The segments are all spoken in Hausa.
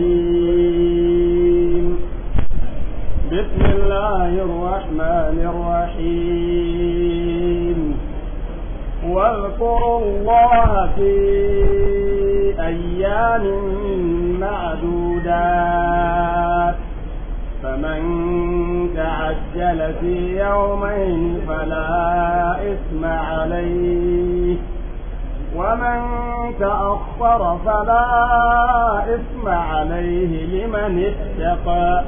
الرجيم بسم الله الرحمن الرحيم واذكروا الله في أيام معدودات فمن تعجل في يومين فلا إثم عليه ومن تأخر فلا إثم عليه لمن اتقى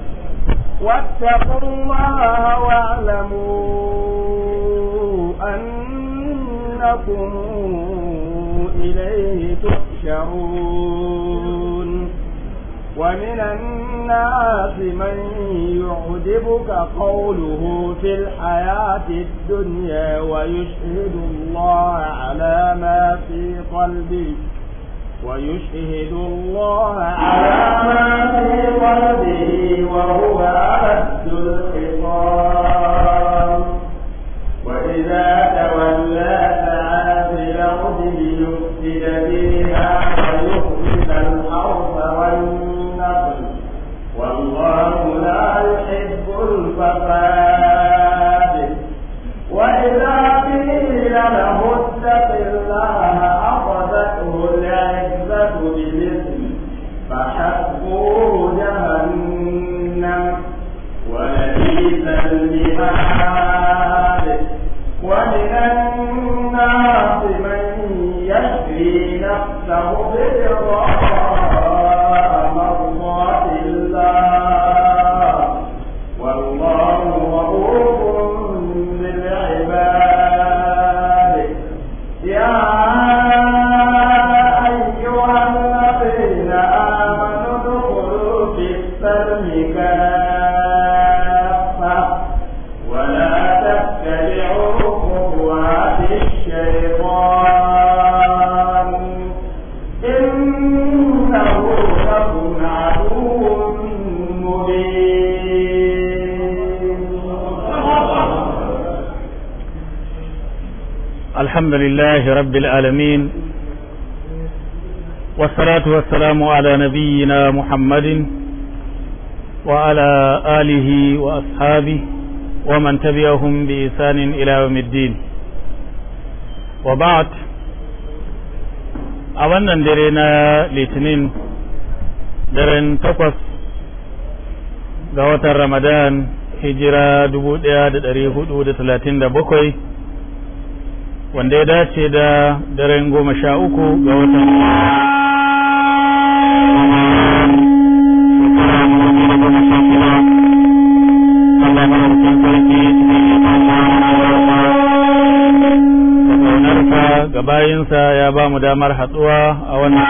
واتقوا الله واعلموا أنكم إليه تحشرون ومن الناس الناس من يعجبك قوله في الحياة الدنيا ويشهد الله على ما في قلبه ويشهد الله على ما في قلبه وهو عبد الخصام وإذا تولى سعى في الأرض ليفسد بها الحب الفساد وإذا قيل له اتق الله أخذته العزة بالإثم فحبه جهنم ولبئس المهاد ومن الناس من يشفي نفسه بالرب لله رب العالمين والصلاة والسلام على نبينا محمد وعلى آله وأصحابه ومن تبعهم بإحسان إلى يوم الدين وبعد a wannan dare na litinin daren takwas ga watan ramadan hijira 1437 wanda ya dace da daren goma sha uku ga watan ga bayinsa ya ba mu damar hatsuwa a wannan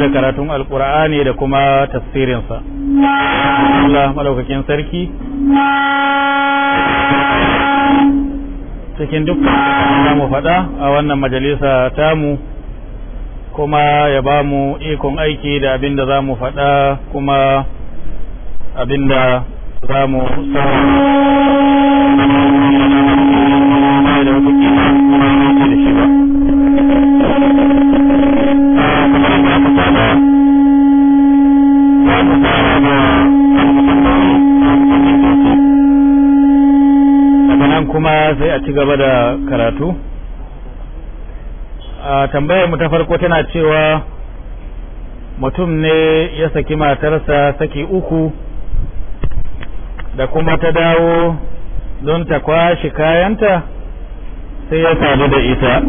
da karatun alkur'ani da kuma tafsirinsa Allah malaukakin sarki cikin dukkan da mu faɗa a wannan majalisa tamu kuma ya ba mu ikon aiki da abin da za mu faɗa kuma abin da za mu a ci gaba da karatu a tambayar mu ta farko tana cewa mutum ne ya saki matarsa saki uku da kuma ta dawo don ta kwashe kayanta sai ya sadu da ita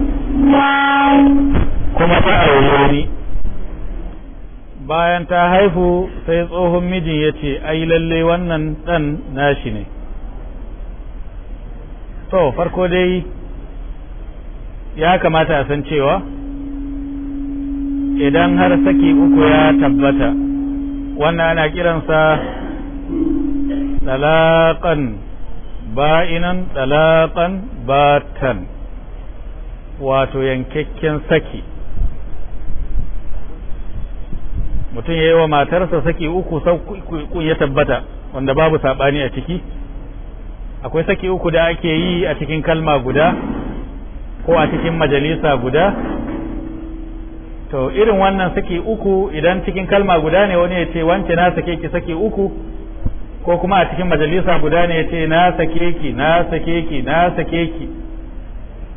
kuma ta aure bayan ta haifu sai tsohon mijin ya ce ai lalle wannan dan nashi ne to farko dai ya kamata a san cewa idan har saki uku ya tabbata wannan ana kiransa talaqan ba'inan talaqan batan wato yankakken saki mutum ya yi wa matarsa saki uku sau ya tabbata wanda babu saɓani a ciki akwai saki uku da ake yi a cikin kalma guda ko a cikin majalisa guda to irin wannan saki uku idan cikin kalma guda ne wani ya ce wance na sake ki saki uku ko kuma a cikin majalisa guda ne ya ce na sake ki na sake ki na sake ki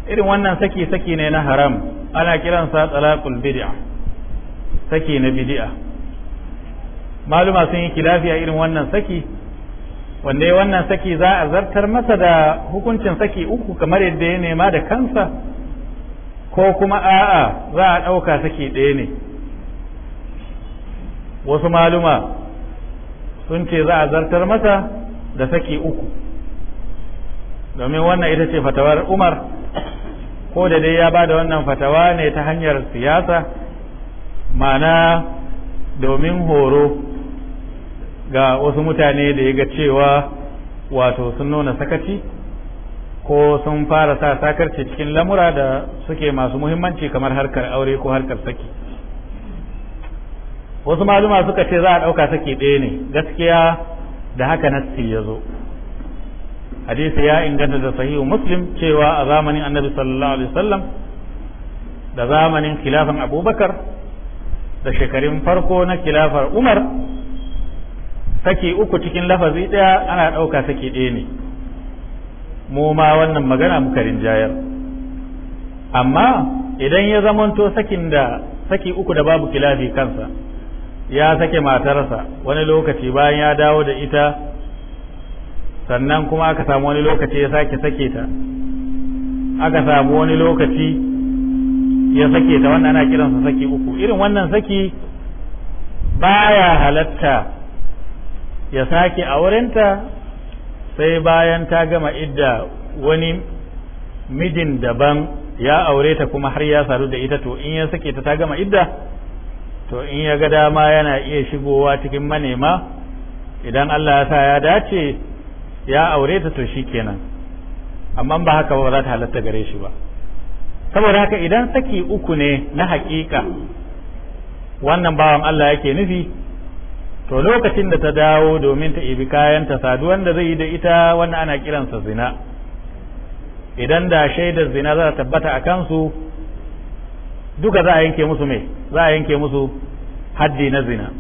irin wannan saki saki ne na haram ana kiransa talaqul bid'a saki na bid'a maluma sun yi kilafi a irin wannan saki wanda ya wannan saki za a zartar masa da hukuncin saki uku kamar yadda ya nema da kansa ko kuma a'a za a ɗauka saki ɗaya ne wasu maluma sun ce za a zartar masa da saki uku domin wannan ita ce fatawar umar ko da dai ya ba da wannan fatawa ne ta hanyar siyasa ma'ana domin horo ga wasu mutane da ya ga cewa wato sun nuna sakaci ko sun fara sa sakarci cikin lamura da suke masu muhimmanci kamar harkar aure ko harkar saki wasu maluma suka ce za a ɗauka saki ɗaya ne gaskiya da haka nassi ya zo hadisi ya inganta da sahihu muslim cewa a zamanin annabi sallallahu alaihi wasallam da zamanin khilafan abubakar da shekarun farko na khilafar umar saki uku cikin lafazi ɗaya ana ɗauka saki ɗaya ne mu ma wannan magana muka rinjayar amma idan ya zamanto sakin da saki uku da babu kilafi kansa ya sake matarsa wani lokaci bayan ya dawo da ita sannan kuma aka samu wani lokaci ya sake sake ta aka samu wani lokaci ya sake ta wannan ana kiransa saki uku irin wannan saki baya halatta ya sake aurenta sai bayan ta gama idda wani mijin daban ya aure ta kuma har ya sadu da ita to in ya sake ta ta gama idda to in ya ga dama yana iya shigowa cikin manema idan Allah ya sa ya dace ya aure ta to kenan amma ba haka ba za ta halatta gare shi ba saboda haka idan saki uku ne na haƙiƙa wannan bawan Allah yake nufi to lokacin da ta dawo domin ta ibi kayanta saduwan da zai yi da ita wanda ana kiransa zina idan da shaidar zina za ta tabbata a kansu duka za a yanke musu mai za a yanke musu haddi na zina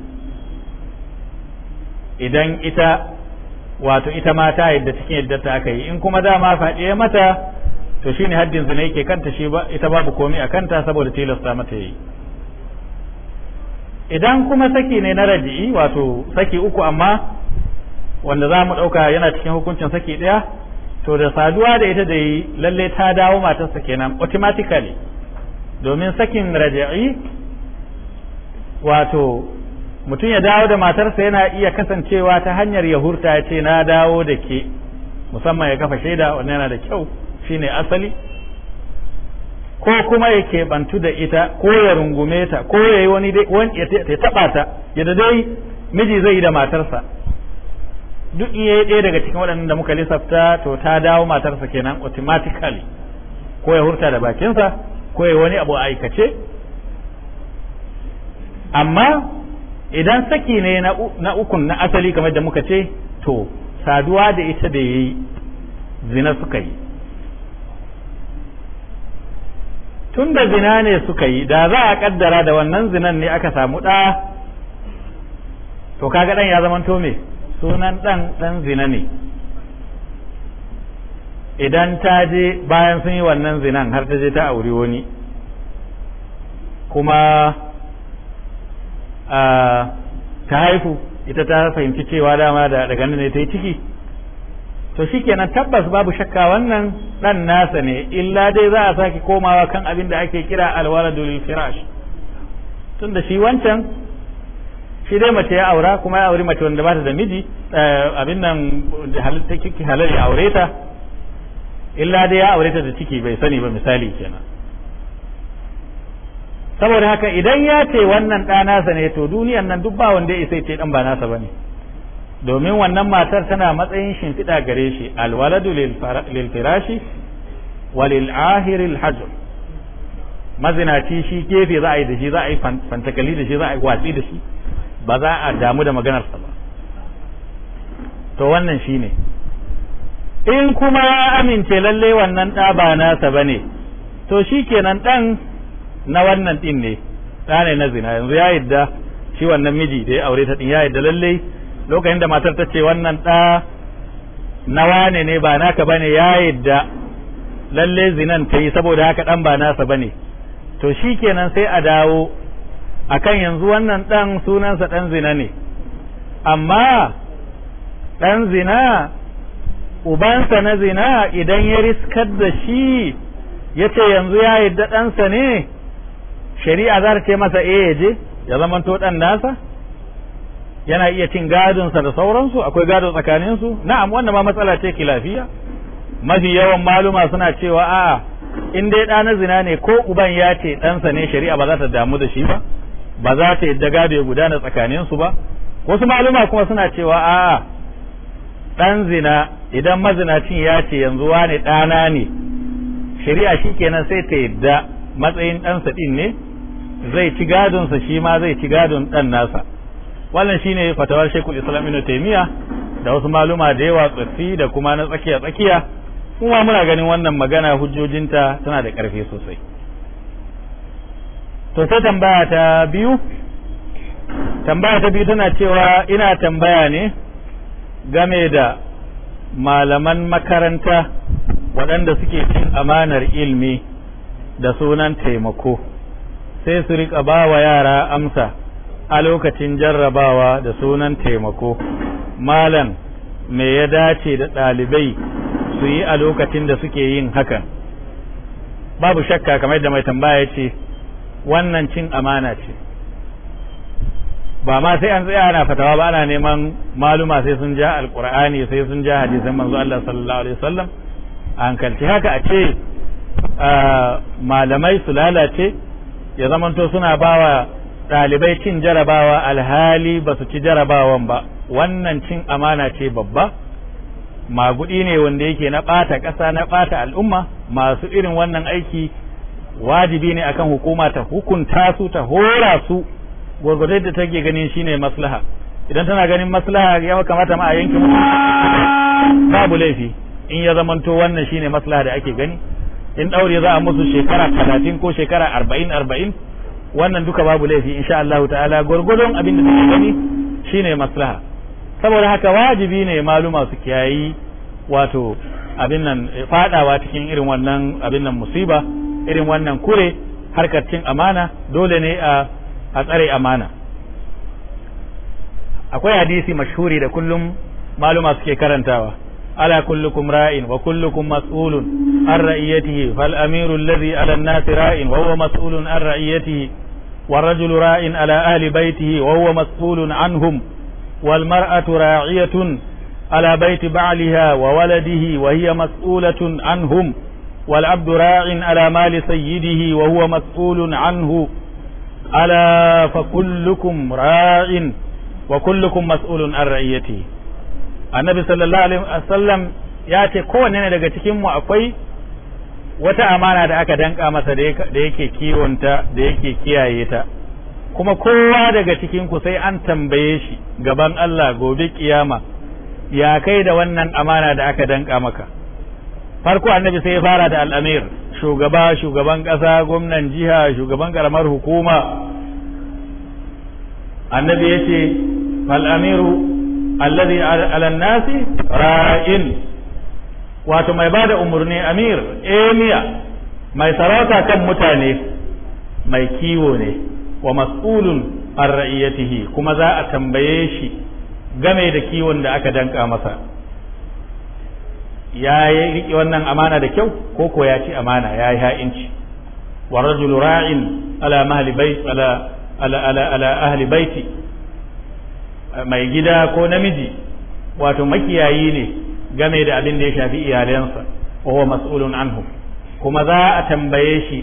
idan ita wato ita ma ta yadda cikin yadda ta aka yi in kuma dama faɗiye mata to shine haddin zina yake kanta shi ba ita babu komai a kanta saboda tilasta mata yi idan kuma saki ne na raji'i wato saki uku amma wanda za mu ɗauka yana cikin hukuncin saki ɗaya to da saduwa da ita da yi lalle ta dawo matarsa kenan automatically domin sakin raji'i wato mutum ya dawo da matarsa yana iya kasancewa ta hanyar ya hurta ya ce na dawo da ke musamman ya kafa shaida wannan yana da kyau shine asali ko kuma ya keɓantu da ita ko ya rungume ta ko ya yi wani ya taɓa ta yadda dai miji zai yi da matarsa duk iya ɗaya daga cikin waɗannan da muka lissafta to ta dawo matarsa kenan automatically ko ya hurta da bakinsa ko ya wani abu aikace amma idan saki ne na ukun na asali kamar da muka ce to saduwa da ita da ya yi zina suka yi tun da zina ne suka yi da za a kaddara da wannan zinan ne aka samu ɗa to kaga ɗan ya zamanto me sunan ɗan ɗan zina ne idan ta je bayan sun yi wannan zinan har ta je ta auri wani kuma ah, ta haifu ita ta fahimci cewa dama da daga ne ta yi ciki to shi shikenan tabbas babu shakka wannan dan nasa ne illa dai za a sake komawa kan abin da ake kira alwaladu lil firash tunda shi wancan shi dai mace ya aura kuma ya auri mace wanda ba ta da miji eh, abin nan halitta halal ya aure ta illa dai ya aure ta da ciki bai sani ba misali kenan saboda haka idan ya ce wannan ɗa nasa ne to duniyan nan duk ba wanda ya isa ce dan ba nasa bane domin wannan matar tana matsayin shimfiɗa gare shi alwaladu lil firashi walil ahiril hajr mazinaci shi gefe za a yi da shi za a yi fantakali da shi za a yi watsi da shi ba za a damu da maganarsa ba to wannan shi ne in kuma amince lalle wannan ɗa ba nasa ba ne to shi kenan ɗan na wannan ɗin ne ɗa ne na zina yanzu ya yadda shi wannan miji da ya aure ta ɗin ya yadda lalle lokacin da matar ta ce wannan ɗa na wane ne ba naka bane ya yadda lalle zinan ta yi saboda haka ɗan ba nasa bane to shi kenan sai a dawo akan yanzu wannan ɗan sunansa ɗan zina ne amma ɗan zina ubansa na zina idan ya riskar da shi ya ce yanzu ya yadda ɗansa ne shari'a za ta ce masa eh je ya zama to ɗan nasa yana iya cin gadinsa da sauransu akwai gado tsakaninsu na'am wannan ma matsala ce lafiya mafi yawan maluma suna cewa a in dai ɗa zina ne ko uban ya ce ɗansa ne shari'a ba za ta damu da shi ba ba za ta yadda gado ya gudana tsakaninsu ba wasu maluma kuma suna cewa a ɗan zina idan mazinacin ya ce yanzu wane dana ne shari'a shi kenan sai ta yadda matsayin ɗansa ɗin ne zai ci gadonsa shi ma zai ci gadon ɗan nasa wannan shine fatawar Sheikhul Islam Ibn Taymiyyah da wasu maluma da yawa tsaffi da kuma na tsakiya tsakiya kuma muna ganin wannan magana hujjojinta tana da ƙarfi sosai to sai tambaya ta biyu tambaya ta biyu tana cewa ina tambaya ne game da malaman makaranta waɗanda suke cin amanar ilmi da sunan taimako sai su riƙa ba wa yara amsa a lokacin jarrabawa da sunan taimako malam me ya dace da ɗalibai su yi a lokacin da suke yin hakan babu shakka kamar da mai tambaya ce wannan cin amana ce ba ma sai an tsaya ana fatawa ba ana neman maluma sai sun ja alkur'ani sai sun ja hadisan manzo Allah sallallahu alaihi wasallam an haka a ce malamai su lalace ya zamanto suna bawa ɗalibai cin jarabawa alhali ba su ci jarabawan ba wannan cin amana ce babba magudi ne wanda yake na ɓata ƙasa na ɓata al'umma masu irin wannan aiki wajibi ne akan hukuma ta hukunta su ta hora su gwargwadon da take ganin shine maslaha idan tana ganin maslaha ya kamata ma a yanke babu laifi in ya zamanto wannan shine maslaha da ake gani in ɗaure za a musu shekara talatin ko shekara arba'in arba'in wannan duka babu laifi insha Allah ta'ala gurgurdon abin da suke gani shine maslaha saboda haka wajibi ne maluma su kiyayi wato abin nan fadawa cikin irin wannan abin nan musiba irin wannan kure harkar cin amana dole ne a a tsare amana akwai hadisi mashhuri da kullum maluma suke karantawa ala kullukum ra'in wa kullukum mas'ulun an ra'iyatihi fal amiru alladhi ala an-nasi ra'in wa huwa mas'ulun an ra'iyatihi والرجل راع على أهل بيته وهو مسؤول عنهم والمرأة راعية على بيت بعلها وولده وهي مسؤولة عنهم والعبد راع على مال سيده وهو مسؤول عنه ألا فكلكم راع وكلكم مسؤول عن رعيته النبي صلى الله عليه وسلم ya ce kowanne ne daga cikinmu akwai wata amana da aka danka masa da yake kiwonta da yake kiyaye ta kuma kowa daga cikin ku sai an tambaye shi gaban Allah gobe kiyama ya kai da wannan amana da aka danka maka farko annabi sai ya fara da al'amir shugaba shugaban ƙasa gwamnan jiha shugaban karamar hukuma annabi ya ce amiru alladhi ala nasi ra'in wato mai ba da umarni amir emiya mai sarauta kan mutane mai kiwo ne wa mas'ulun an ra'iyatihi kuma za a tambaye shi game da kiwon da aka danka masa ya yi riƙe wannan amana da kyau ko ko ya ci amana ya yi ha'inci wa rajul ra'in ala mahli bayt ala ala ala ala ahli bayti mai gida ko namiji wato makiyayi ne game da abin da ya shafi iyalansa wa mas'ulun anhu kuma za a tambaye shi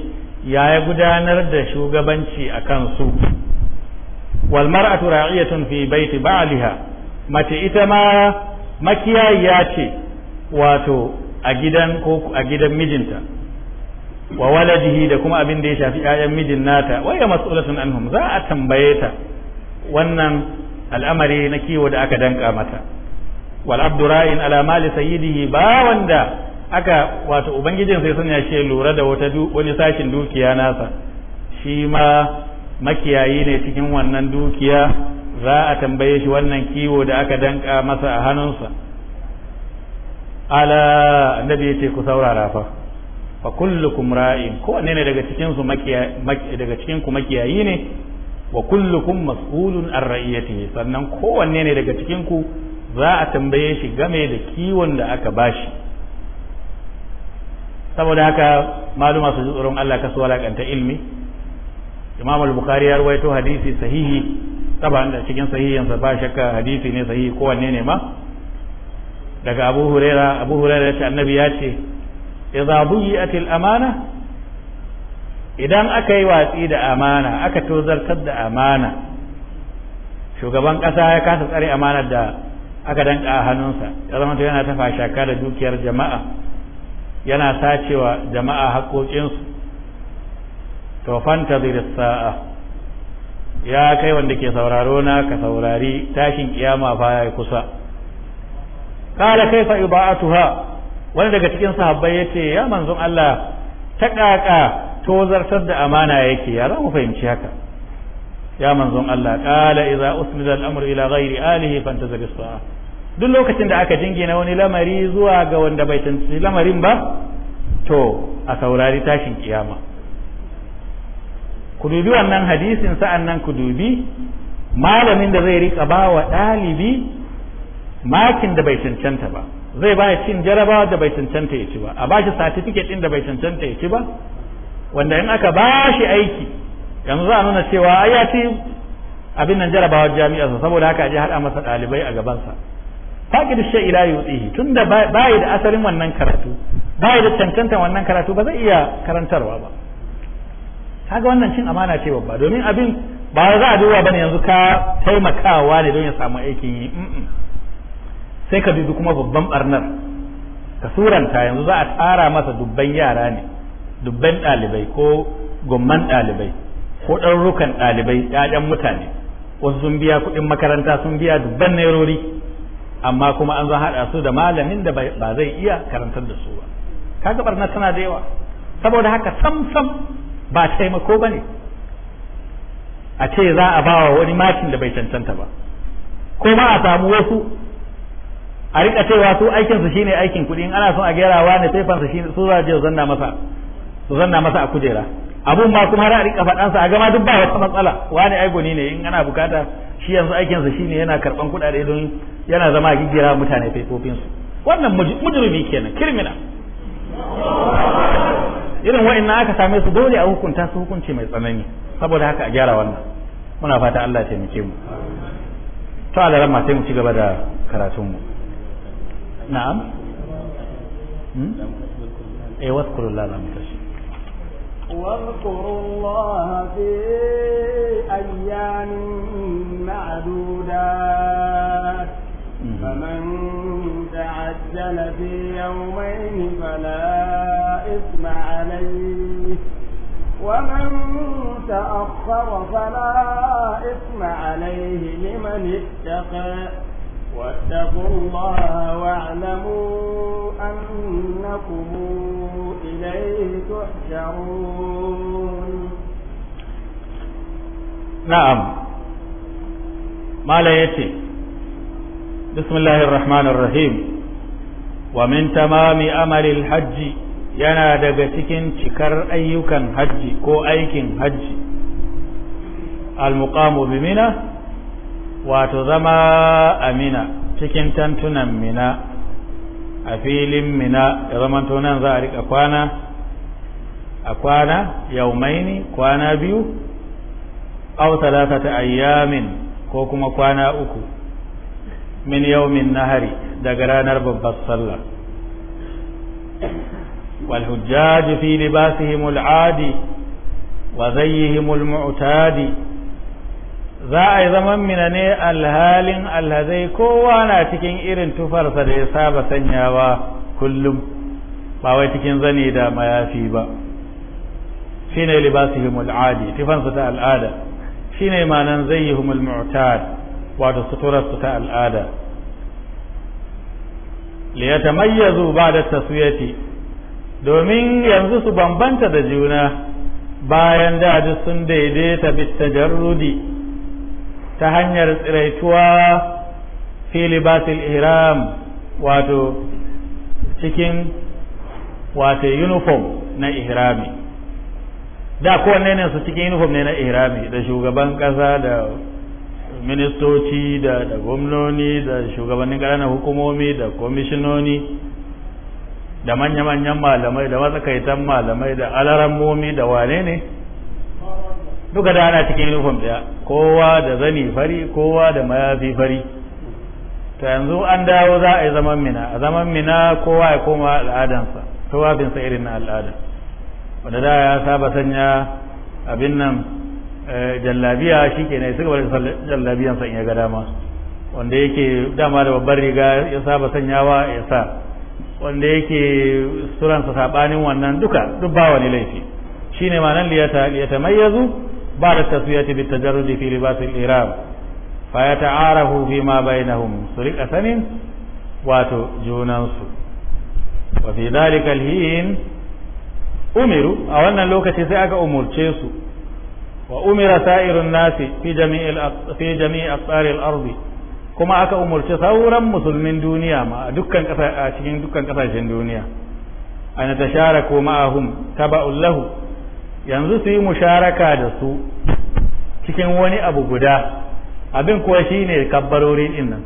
yaya gudanar da shugabanci a kansu wal mar'atu ra'iyatun fi baiti ba'liha mace ita ma makiyayiya ce wato a gidan ko a gidan mijinta wa waladihi da kuma abin da ya shafi 'ya'yan mijin nata waya mas'ulatun anhum za a tambaye ta wannan al'amari na kiwo da aka danka mata wal alamali ra'in ala mali sayyidihi ba wanda aka wato ubangijin sai sanya shi lura da wata wani sashin dukiya nasa shi ma makiyayi ne cikin wannan dukiya za a tambaye shi wannan kiwo da aka danka masa a hannunsa ala annabi yace ku saurara fa fa kullukum ra'in ko ne daga cikin su daga cikin ku makiyayi ne wa kullukum mas'ulun ar ra'iyati sannan ko wanne ne daga cikin ku za a tambaye shi game da kiwon da aka bashi saboda haka maluma su ji tsoron Allah kasu walakanta ilmi imam al-bukhari ya rawaito hadisi sahihi taban da cikin sahihinsa ba shakka hadisi ne sahihi ko wanne ne ma daga abu huraira abu huraira ya ce annabi ya ce idza buyi'at al-amana idan aka yi watsi da amana aka tozartar da amana shugaban kasa ya kasa tsare amanar da aka danka a hannunsa ya zama to yana tafa shaka da dukiyar jama'a yana sacewa jama'a haƙoƙinsu to fanta sa'a ya kai wanda ke sauraro na ka saurari tashin kiyama fa ya kusa kala fa iba'atuha wani daga cikin sahabbai yace ya manzon Allah ta kaka tozartar da amana yake ya za mu fahimci haka ya manzon Allah qala idza usmida al-amru ila ghairi alihi fantazir as-sa'a duk lokacin da aka jingina wani lamari zuwa ga wanda bai tantance lamarin ba to a saurari tashin kiyama ku dubi wannan hadisin sa'annan ku dubi malamin da zai rika ba wa ɗalibi makin da bai cancanta ba zai ba cin jarabawa da bai cancanta ya ci ba a ba shi satifiket ɗin da bai cancanta ya ci ba wanda in aka ba shi aiki yanzu za a nuna cewa ai ya ci abin nan jarabawar jami'arsa saboda haka aje haɗa masa ɗalibai a gabansa faƙid shay ila yutihi tunda bai da asalin wannan karatu bai da cancanta wannan karatu ba zai iya karantarwa ba kaga wannan cin amana ce babba domin abin ba za a duba bane yanzu ka taimakawa ne don ya samu aikin yi sai ka dubi kuma babban barnar ka suranta yanzu za a tsara masa dubban yara ne dubban ɗalibai ko gomman ɗalibai ko ɗarurrukan ɗalibai ‘ya'yan mutane wasu sun biya kuɗin makaranta sun biya dubban nairori amma kuma an zo haɗa su da malamin da ba zai iya karantar da su ba kaga barna tana da yawa saboda haka samsam sam ba taimako ba ne a ce za a bawa wani makin da bai cancanta ba ko ma a samu wasu a rika cewa su aikin su shine aikin kuɗi in ana son a gyarawa ne sai shi shine su za je zanna masa su zanna masa a kujera abun ba kuma a rika sa a gama duk ba wata matsala wani ai goni ne in ana bukata shi yanzu aikinsa shine yana karban kuɗaɗe don yana zama a gigira mutane su wannan mujrimi kenan kirmina irin wa'annan aka same su dole a hukunta su hukunci mai tsanani saboda haka a gyara wannan muna fata Allah ya taimake mu to Allah ramma sai mu ci gaba da karatun hmm? eh, mu na'am eh waskurullahi واذكروا الله في أيام معدودات فمن تعجل في يومين فلا إثم عليه ومن تأخر فلا إثم عليه لمن اتقى واتقوا الله واعلموا أنكم إليه تحشرون نعم ما لا يتي بسم الله الرحمن الرحيم ومن تمام أمل الحج yana daga cikin cikar ayyukan hajji ko aikin hajji al-muqamu bi mina wato zama amina cikin tantunan mina a filin mina ya zama tunan za a rika kwana a kwana yaumaini kwana biyu aw ta ayyamin ko kuma kwana uku min na hari daga ranar babbar sallah والحجاج في لباسهم العادي وزيهم المعتاد za a yi zaman mina ne alhalin alhazai kowa na cikin irin tufarsa da ya saba sanyawa kullum ba wai cikin zane da mayafi ba shi ne libasihim al'adi tufansu ta al'ada shi ne manan yi al-mu'tad wato suturarsu ta al'ada liyatamayyazu da taswiyati domin yanzu su bambanta da juna bayan da sun daidaita jarrudi ta hanyar tsiraituwa fili libasil ihram wato cikin wato uniform na ihrami da kowanne ne su cikin uniform ne na ihrami da shugaban kasa da ministoci da gwamnoni da shugabannin ƙananan hukumomi da komishinoni da manya-manyan malamai da matsakaitan malamai da alarammomi da wane ne duka da ana cikin uniform daya kowa da zani fari kowa da mayafi fari ta yanzu an dawo za a yi zaman mina a zaman mina kowa ya koma al'adansa tuwafinsa irin na al'ada wanda da ya saba sanya abin nan eh, jallabiya shi ke su suka bari sa in ya ga dama wanda yake dama da babbar riga ya saba sanyawa ya sa wanda yake suransa sabanin wannan duka duk ba wani laifi shine ma nan liyata liyata mayyazu بعد التسوية بالتجرد في لباس الإرام فيتعارف فيما بينهم سرق أثن وتجونانس وفي ذلك الهين أمروا أو أن اللوكة سأك أمر تشيسو وأمر سائر الناس في جميع في جميع أقطار الأرض كما أك أمر تصورا مسلمين دنيا ما دكان كفا أشين دكان كفا دنيا أن تشاركوا معهم تبع له yanzu su musharaka da su cikin wani abu guda abin kuwa shi ne kabbarori dinnan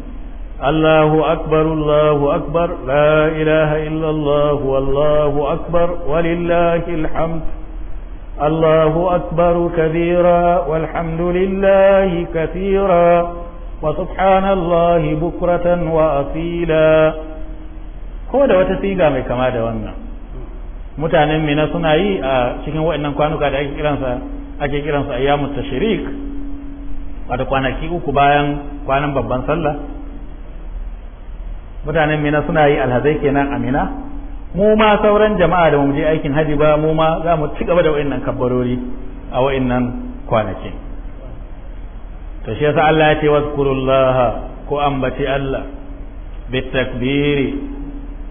allahu akbar allahu akbar la ilaha illallah wallahu akbar walillahi alhamd allahu akbar walhamdulillahi kathira wa subhanallahi bukratan wa asila ko da wata siga mai kama da wannan mutanen mina suna yi a cikin waɗannan kwanuka da ake kiransa ake kiransa ayyamu tashrik wato kwanaki uku bayan kwanan babban sallah mutanen mina suna yi alhazai kenan a mina mu ma sauran jama'a da mu je aikin haji ba mu ma za mu ci gaba da waɗannan kabbarori a waɗannan kwanaki to shi yasa Allah ya ce wazkurullaha ko ambaci Allah takbiri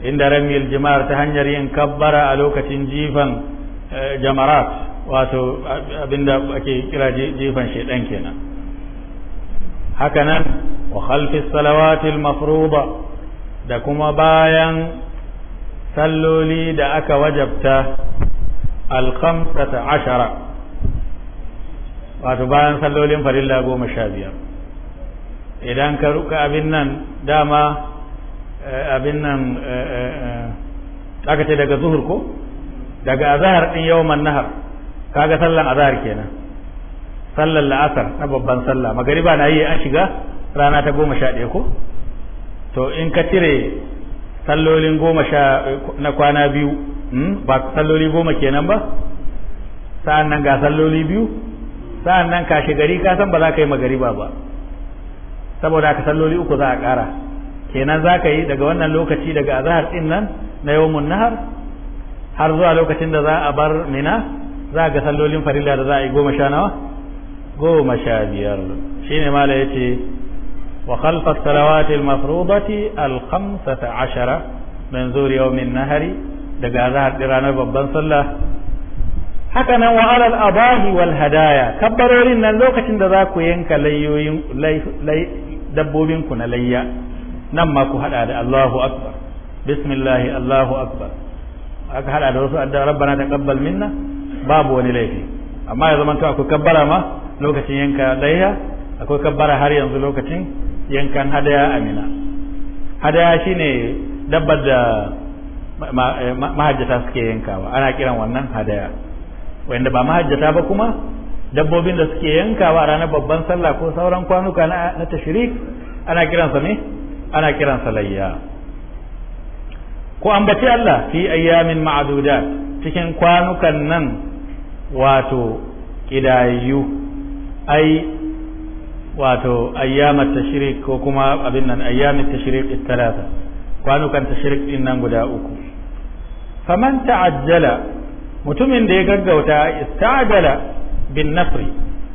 inda ramil jama'ar ta hanyar yin kabbara a lokacin jifan eh, jamarat wato abinda ake kira jifan shedan kenan hakanan wa khalfi salawatil mafruba da kuma bayan salloli da aka wajabta alkhamsata ashara wato bayan sallolin farilla goma sha biyar idan ka ruka abin nan dama Eh, abin nan eh, eh, aka daga zuhur ko daga azahar din yawman nahar kaga sallan azahar kenan sallan la'asar na babban sallah magariba na yi an shiga rana ta goma sha ɗaya ko to in ka cire sallolin goma sha na kwana biyu hmm, ba salloli goma kenan ba sa'an nan ga salloli biyu sa'an nan kashe gari ka san ba za ka yi magariba ba saboda ka salloli uku za a ƙara kenan za ka yi daga wannan lokaci daga azahar ɗin nan na yawon nahar har zuwa lokacin da za a bar mina za ga sallolin farilla da za a yi goma sha nawa goma sha biyar shi ne mala ya ce wa khalfa salawatil mafrudati al khamsata ashara min zuri yawmin nahari daga azahar ɗin ranar babban sallah haka nan wa alal abahi wal hadaya kabbarorin nan lokacin da za ku yanka ku na layya nan ma ku hada da Allahu akbar bismillahi Allahu akbar aka hada da wasu addu'a rabbana taqabbal minna babu wani laifi amma ya to akwai kabbara ma lokacin yanka daya akwai kabbara har yanzu lokacin yankan hadaya amina hadaya shine dabbar da eh, mahajjata suke yankawa ana kiran wannan hadaya wanda ba mahajjata ba kuma dabbobin da suke yankawa ranar babban sallah ko sauran kwanuka na tashrik ana kiransa ne ana kiran salayya ko ambaci Allah fi ayyamin ma'dudat cikin kwanukan nan wato kidayu ai wato ayyamat tashrik ko kuma abin nan ayyamat tashrik talata kwanukan tashrik din nan guda uku faman ta'ajjala mutumin da ya gaggauta ista'jala bin nafri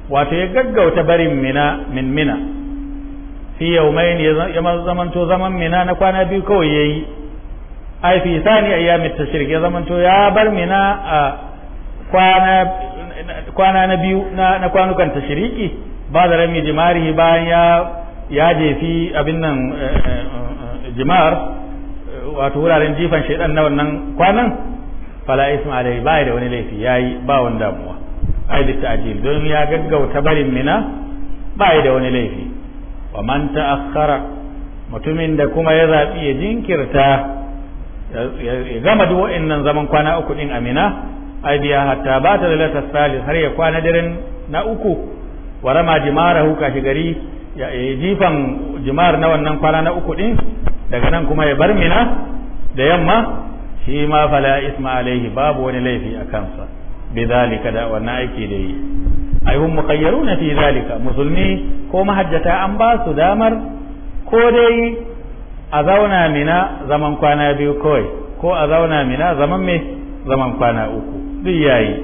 wato ya gaggauta barin mina min mina fi yawmayn ya zamanto zaman mina na kwana biyu kawai yayi ai fi sani ayyamit tashrik ya zamanto ya bar mina a kwana kwana na biyu na kwanukan tashriki ba da rami jimari bayan ya ya jefi abin nan eh, eh, eh, jimar wato wuraren jifan shaidan na wannan kwanan fala isma alai ba da wani laifi yayi ba wanda damuwa ai da ta'jil don ya gaggauta barin mina ba da wani laifi wa man ta'akhkhara mutumin da kuma ya zaɓi ya jinkirta ya gama duk wa'annan zaman kwana uku din amina ai biya hatta ba ta lalata salis har ya kwana daren na uku wa rama jimarahu kashi gari ya jifan jimar na wannan kwana na uku din daga nan kuma ya bar mina da yamma shi ma fala isma alaihi babu wani laifi a kansa bi zalika da wannan aiki da yi ai hum na fi zalika musulmi ko mahajjata an ba su damar ko dai a zauna mina zaman kwana biyu kawai ko a zauna mina zaman me zaman kwana uku duk yayi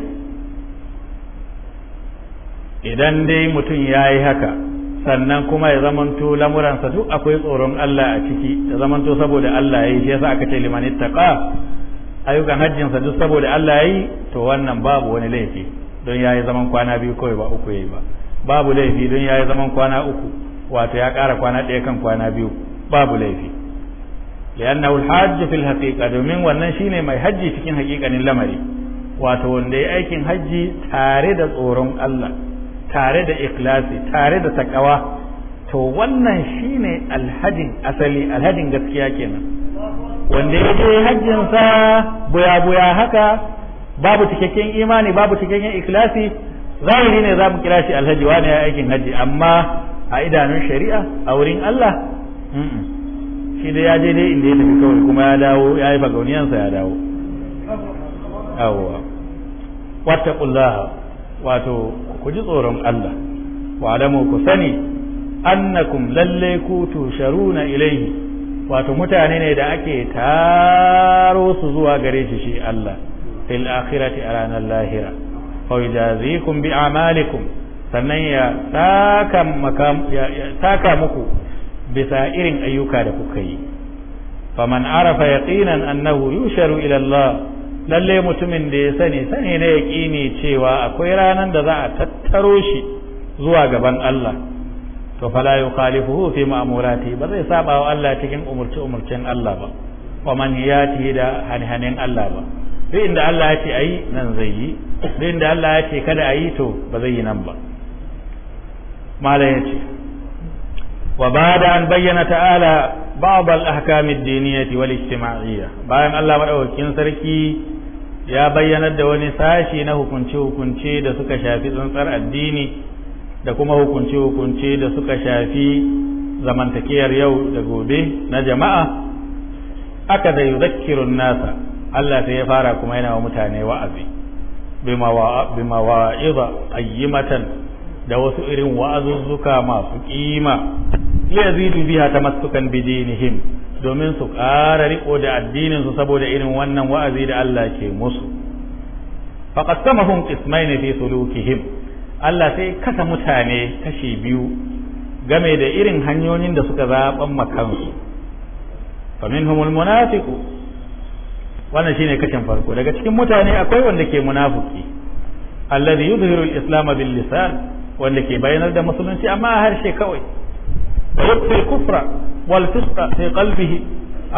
idan dai mutum yayi haka sannan kuma ya zamanto lamuransa duk akwai tsoron Allah a ciki ya zamanto saboda Allah ya yi shi yasa aka ce liman ittaqa ayyukan hajjinsa duk saboda Allah ya yi to wannan babu wani laifi don ya yi zaman kwana biyu kawai ba uku ya yi ba babu laifi don ya yi zaman kwana uku wato ya ƙara kwana ɗaya kan kwana biyu babu laifi lianna al-hajj fil haqiqa domin wannan shine mai hajji cikin haƙiƙanin lamari wato wanda ya aikin hajji tare da tsoron Allah tare da ikhlasi tare da takawa to wannan shine alhajin asali alhajin gaskiya kenan wanda ya je hajjinsa buya buya haka babu cikakken imani babu cikakken ikhlasi zahiri ne za mu kira shi alhaji wani ya aikin haji amma a idanun shari'a a wurin Allah shi da ya je dai inda ya tafi kawai kuma ya dawo ya yi fagauniyansa ya dawo awwa wattaqullaha wato ku ji tsoron Allah wa alamu ku sani annakum lalle ku tusharuna ilayhi wato mutane ne da ake taro su zuwa gare shi shi Allah fil akhirati a ranar lahira fa yujazikum bi amalikum sannan ya taka muku bisa irin ayyuka da kuka yi faman arafa yaqinan annahu yusharu ila Allah lalle mutumin da ya sani sani na yaqini cewa akwai ranan da za a tattaro shi zuwa gaban Allah to fala yukhalifuhu fi ma'murati ba zai saba wa Allah cikin umurce umurcen Allah ba wa man yati da hanhanin Allah ba duk inda Allah ya ce ayi nan zai yi duk inda Allah ya ce kada ayi to ba zai yi nan ba malam ya ce wa bada an bayyana ta'ala ba'd al-ahkam ad-diniyyah wal ijtima'iyyah bayan Allah madaukakin sarki ya bayyana da wani sashi na hukunce hukunce da suka shafi tsantsar addini da kuma hukunce hukunce da suka shafi zamantakiyar yau da gobe na jama'a aka da yuzakkirun nasa Allah sai ya fara kuma yana wa mutane wa'azi bima wa'iza qayyimatan da wasu irin wa'azuzzuka masu kima liyazidu biha tamassukan dinihim domin su ƙara riko da addinin su saboda irin wannan wa'azi da Allah ke musu faqad samahum qismain fi sulukihim Allah sai kasa mutane kashi biyu game da irin hanyoyin da suka zaɓan makansu minhumul munafiqu wannan shine kashin farko daga cikin mutane akwai wanda ke munafiki alladhi yuzhiru al-islam bil lisan wanda ke bayyanar da musulunci amma a harshe kawai yaqfi kufra wal fisqa fi qalbihi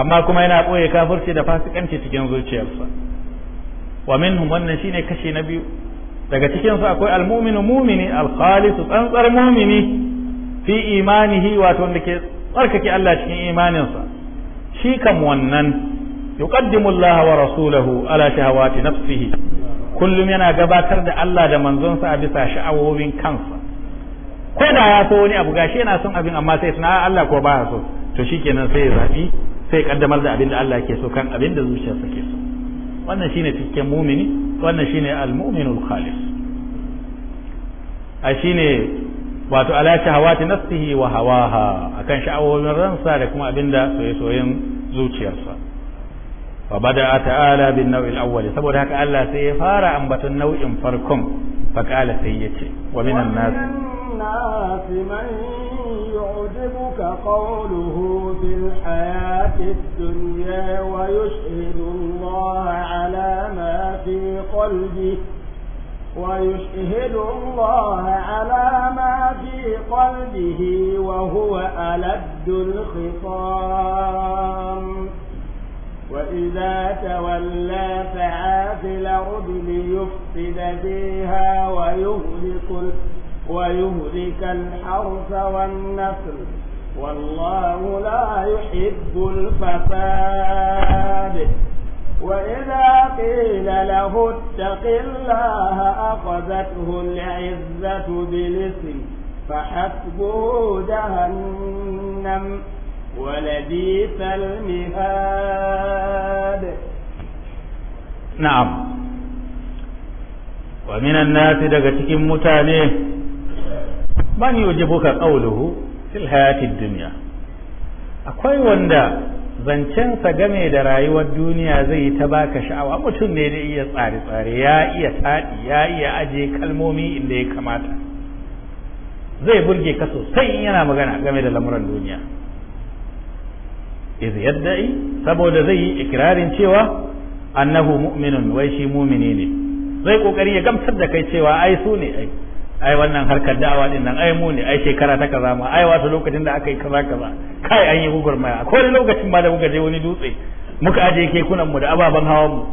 amma kuma yana boye kafirci da fasikanci cikin zuciyarsa wa minhum wannan shine kashi na biyu daga cikin su akwai al-mu'minu mu'mini al tsantsar mu'mini fi imanihi wato wanda ke tsarkake Allah cikin imaninsa shi kam wannan يقدم Allah wa على ala نفسه كل kullum yana gabatar da Allah da manzonsa a bisa sha'awowin kansa ko da ya so wani abu gashi yana son abin amma sai tuna Allah ko ba so to shikenan sai ya sai kaddamar da abin da Allah yake so kan wannan shine cikin mumini wannan shine al-mu'minul khalis a shine wato ala shahawati nafsihi wa hawaha akan sha'awar ransa da kuma abinda soyayen zuciyarsa فبدأ تعالى بالنوع الأول سبب هيك الله سيفار أنبت النوع فركم فقال سيتي ومن الناس الناس من يعجبك قوله في الحياة الدنيا ويشهد الله على ما في قلبه ويشهد الله على ما في قلبه وهو ألد الخصام وإذا تولى سعى في الأرض ليفسد فيها ويهلك ويهلك الحرث والنسل والله لا يحب الفساد وإذا قيل له اتق الله أخذته العزة بالإثم فحسبه جهنم ولبيث المهاد نعم ومن الناس دقتك متانيه من يعجبك قوله في الحياة الدنيا akwai wanda zancensa game da rayuwar duniya zai yi ta baka sha'awa mutum ne da iya tsare-tsare ya iya taɗi ya iya aje kalmomi inda ya kamata zai burge ka sosai yana magana game da lamuran duniya iz yadda'i saboda zai yi ikirarin cewa annahu mu'minun wai shi mumini ne zai kokari ya gamsar da kai cewa ai su ai ai wannan harkar da'awa din nan ai muni ne ai shekara ta kaza ma ai wasu lokacin da aka yi kaza kaza kai an yi gugurmaya ko wani lokacin ba da muka je wani dutse muka aje kekunan mu da ababan hawan mu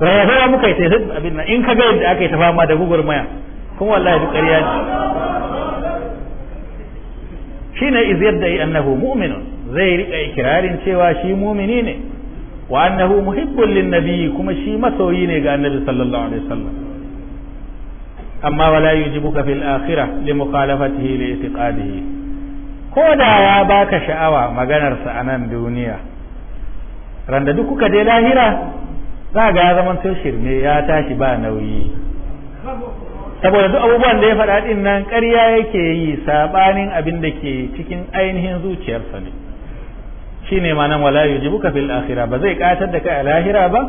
rayuwa muka ce sai abin nan in ka ga yadda aka yi ta fama da gugurmaya kuma wallahi duk ƙarya ne shine iz yadda annahu mu'minun zai rika ikirarin cewa shi mumini ne wa annahu muhibbul kuma shi masoyi ne ga annabi sallallahu alaihi wasallam amma wala yujibuka fil akhirah li mukhalafatihi li i'tiqadihi ko da ya baka sha'awa maganar sa a nan duniya randa duk kuka je lahira za ga ya zaman sai shirme ya tashi ba nauyi saboda duk abubuwan da ya faɗa din nan ƙarya yake yi sabanin abin da ke cikin ainihin zuciyarsa ne shine ma'anan wala yujibuka fil lahira ba zai katar da kai a lahira ba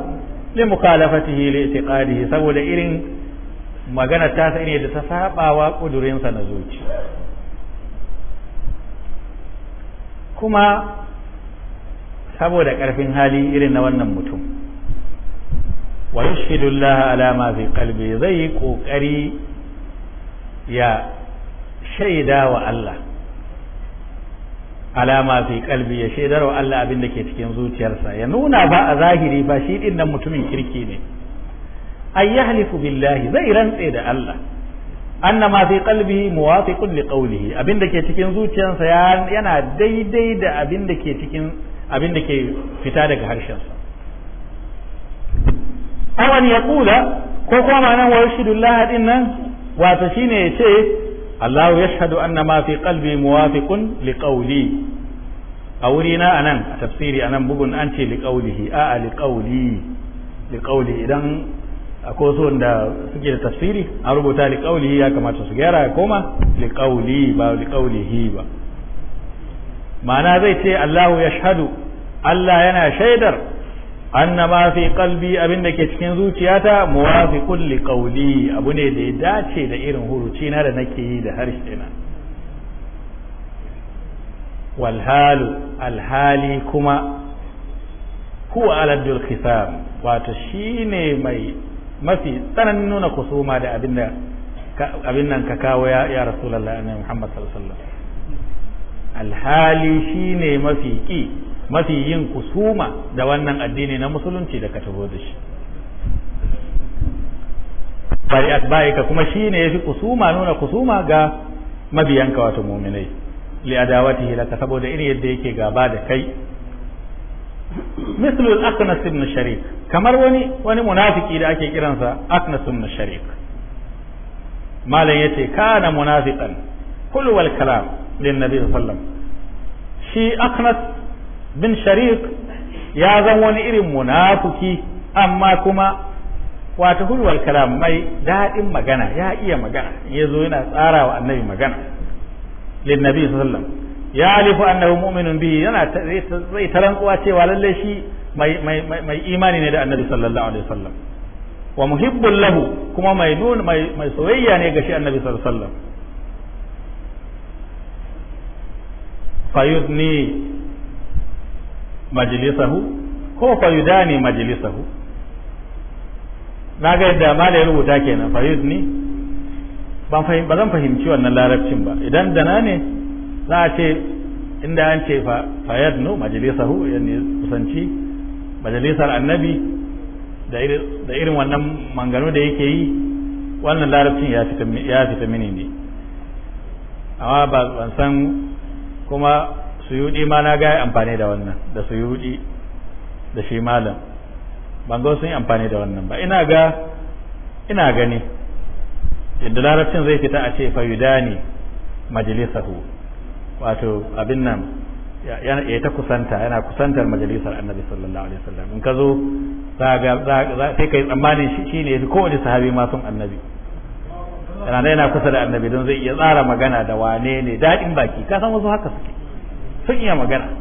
li mukhalafatihi li i'tiqadihi saboda irin magana ta sa ne da ta sabawa kudurinsa na zuci kuma saboda karfin hali irin na wannan mutum wa yushhidu Allah ala ma fi qalbi zai kokari ya shaida wa Allah alama fi kalbi ya shaidar wa Allah abin da ke cikin zuciyarsa ya nuna ba a zahiri ba shi din nan mutumin kirki ne ay yahlifu billahi zai rantse da Allah anna ma fi qalbihi muwafiqun li qawlihi abin da ke cikin zuciyarsa yana daidai da abin da ke cikin abin da ke fita daga harshensa awan ya kula ko kuma nan wa yashhadu Allah din nan wato shine ya ce Allah yashhadu anna ma fi qalbi muwafiqun liqawli a wuri na anan tafsiri nan bugun an ce liqawlihi a a liqawli liqawli idan akwai wasu da suke da tafsiri an rubuta liqawlihi ya kamata su gyara ya koma ba liqawlihi ba ma'ana zai ce Allah yashhadu Allah yana shaidar anna ma fi qalbi abin da ke cikin zuciyata muwafiqun li qawli abu ne da ya dace da irin huruci na da nake yi da harshe na wal halu al hali kuma huwa aladul khisam wato shine mai mafi tsananin nuna kusuma da abin da abin nan ka kawo ya ya rasulullahi annabi Muhammad sallallahu alaihi wasallam al hali shine mafi ki mafi yin kusuma da wannan addini na musulunci da ka taho da shi bari atba'ika kuma shine yafi kusuma nuna kusuma ga mabiyanka wato mu'minai li adawati laka saboda irin yadda yake gaba da kai mislu al-aqnas ibn sharik kamar wani wani munafiki da ake kiransa aqnas ibn sharik malam yace kana munafiqan kullu wal kalam lin nabi sallallahu alaihi wasallam shi aqnas bin shariq ya zan wani irin munafuki amma kuma wata hulwar kalam mai daɗin magana ya iya magana ya zo yana tsara wa annabi magana lin nabi sallam ya alifu annahu mu'minun bihi yana zai ta rantsuwa cewa lalle shi mai imani ne da annabi sallallahu alaihi wasallam wa muhibbul lahu kuma mai nun mai soyayya ne ga shi annabi sallallahu alaihi wasallam fayudni majalisahu ko fa yudani majalisahu na ga yadda malai rubuta kenan fa yudni ban ba zan fahimci wannan larabcin ba idan dana ne za a ce inda an ce fa fayadnu majalisahu yani kusanci majalisar annabi da irin wannan mangano da yake yi wannan larabcin ya fita mini ne amma ba ban san kuma suyudi ma na ga amfani da wannan da suyudi da shi malam ban ga sun yi amfani da wannan ba ina ga ina gani yadda larabcin zai fita a ce yudani majalisahu wato abin nan ya ta kusanta yana kusantar majalisar annabi sallallahu alaihi wasallam in ka zo sai ka yi tsammanin shi ne ko wani sahabi ma sun annabi yana yana kusa da annabi don zai iya tsara magana da wane ne daɗin baki ka san wasu haka suke sun iya magana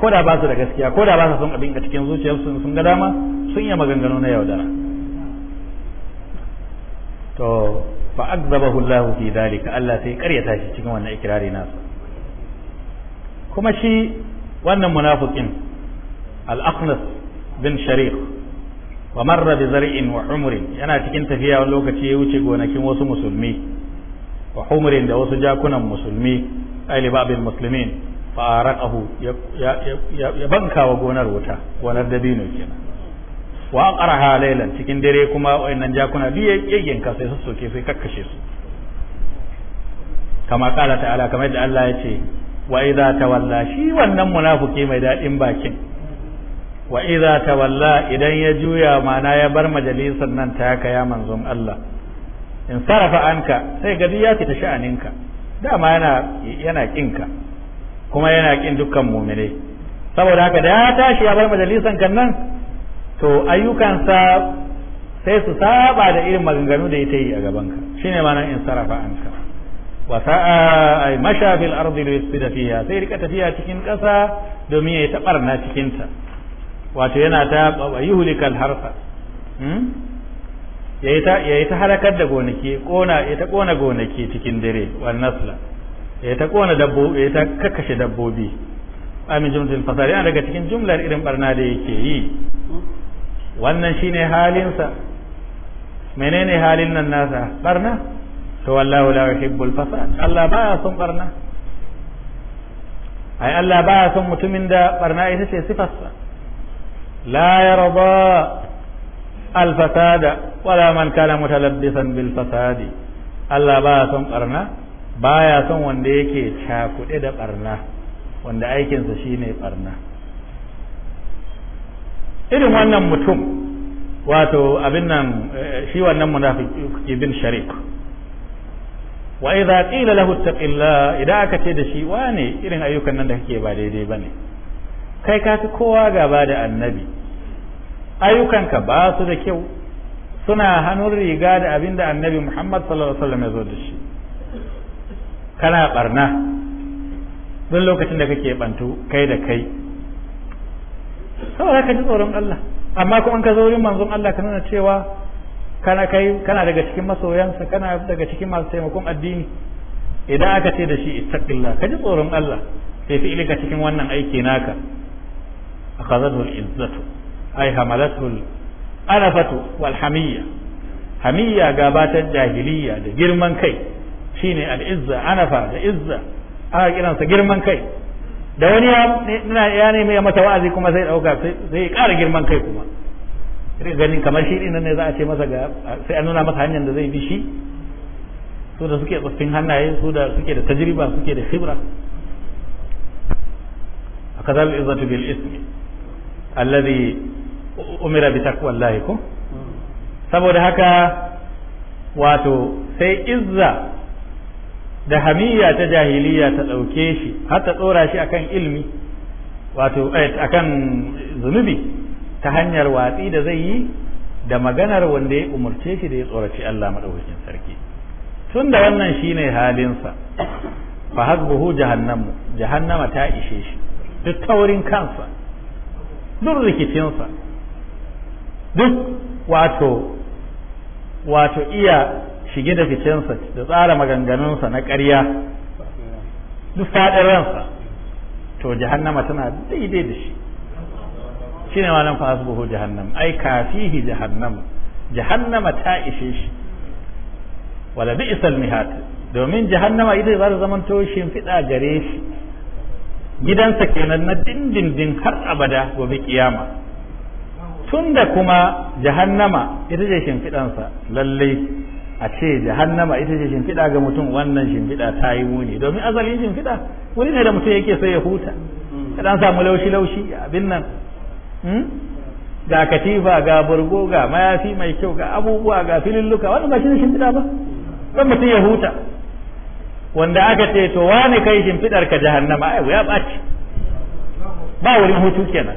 ko da ba su da gaskiya ko da ba su son abin a cikin zuciyarsu sun ga dama sun iya maganganu na yaudara to fa akzabahu Allah fi dalika Allah sai karyata shi cikin wannan ikrari nasu kuma shi wannan munafiqin al-aqnas bin shariq wa marra bi zar'in wa umrin yana cikin tafiya wani lokaci ya wuce gonakin wasu musulmi wa umrin da wasu jakunan musulmi ay li faraqahu ya banka wa gonar wuta gonar dabino kenan wa aqraha laylan cikin dare kuma wayannan jakuna biye yayyen ka sai su soke sai kakkashe su kama kala ta'ala kamar da Allah ya ce wa idza tawalla shi wannan munafiki mai dadin bakin wa idza tawalla idan ya juya mana ya bar majalisar nan ta ka ya manzon Allah in sarafa anka sai gadi ya fita sha'aninka dama yana yana kinka kuma yana kin dukkan muminai saboda haka da ya tashi ya bar majalisan kan nan to ayyukansa sai su saba da irin maganganu da ita yi a gabanka shine ma nan in sarafa anka wa sa'a ay masha fil ardi liyusfida fiha sai rika tafiya cikin ƙasa domin ya ta cikin ta wato yana ta yuhlikal harfa hmm? yayi ta yayi ta halakar da gonaki kona ya ta kona gonaki cikin dare wal nasla ya eh, ta kona dabbobi ya eh, ta kakkashe dabbobi amin jumlatul fasari yana daga cikin jumlar irin barna da yake yi wannan shine halinsa menene halin nan nasa barna to wallahu la yuhibbul fasad Allah baya son barna ai Allah baya son mutumin da barna ita ce sifarsa la yarda al fasada wala man kana mutalabbisan bil fasadi Allah baya son barna baya son wanda yake cakuɗe da barna wanda aikinsa shine barna irin wannan mutum wato abin nan eh, shi wannan munafiki bin sharik wa idza qila lahu taqilla idan aka ce da shi wane irin ayyukan nan da kake ba daidai bane kai ka fi kowa gaba da annabi ayyukanka ba su da kyau suna hannun riga da abinda annabi Muhammad sallallahu alaihi wasallam ya zo da shi kana barna don lokacin da kake bantu kai da kai saboda ka ji tsoron Allah amma kuma ka zo wurin manzon Allah ka nuna cewa kana kai kana daga cikin masoyansa kana daga cikin masu taimakon addini idan aka ce da shi ittaqillah ka ji tsoron Allah sai fi ilika cikin wannan aiki naka akhadhahu al-izzatu ay hamalathu al-anafatu wal hamiyya gabatar jahiliya da girman kai shine al-izza anafa da izza aka kiransa girman kai da wani ya nemi ya mata wa'azi kuma sai dauka sai ya ƙara girman kai kuma ganin kamar shi ɗin ne za a ce masa ga sai an nuna masa hanyar da zai bi shi su da suke tsoffin hannaye su da suke da tajriba suke da khibra akaza al-izzatu bil ismi alladhi umira bi allahi ko saboda haka wato sai izza da hamiyya ta jahiliya ta ɗauke shi har ta tsora shi akan ilmi wato eh, akan zunubi ta hanyar watsi da zai yi da maganar wanda ya umarce shi da ya tsoraci Allah madaukakin sarki tun da wannan shine halinsa fa hasbuhu jahannamu jahannama ta ishe shi duk taurin kansa duk rikicinsa duk wato wato iya shige da ficensa da tsara maganganunsa na ƙarya duk faɗin ransa to jahannama tana daidai da shi shine ma nan fa asbuhu jahannam ai kafihi jahannam jahannama ta ishe shi wala bi isal mihat domin jahannama ita za ta zama fida gare shi gidansa kenan na dindindin har abada gobe kiyama tunda kuma jahannama ita ce shimfiɗarsa lallai a ce jahannama ita ce shimfiɗa ga mutum wannan shimfiɗa ta yi muni domin azalin shimfiɗa wuri ne da mutum yake sai ya huta ka dan samu laushi laushi abin nan hmm? ga katifa ga burgo ga mayafi mai kyau ga abubuwa ga fililluka wannan ba shi ne shimfiɗa ba don mutum ya huta wanda aka ce to wani kai shimfiɗar ka jahannama ai ya ɓaci ba wurin hutu kenan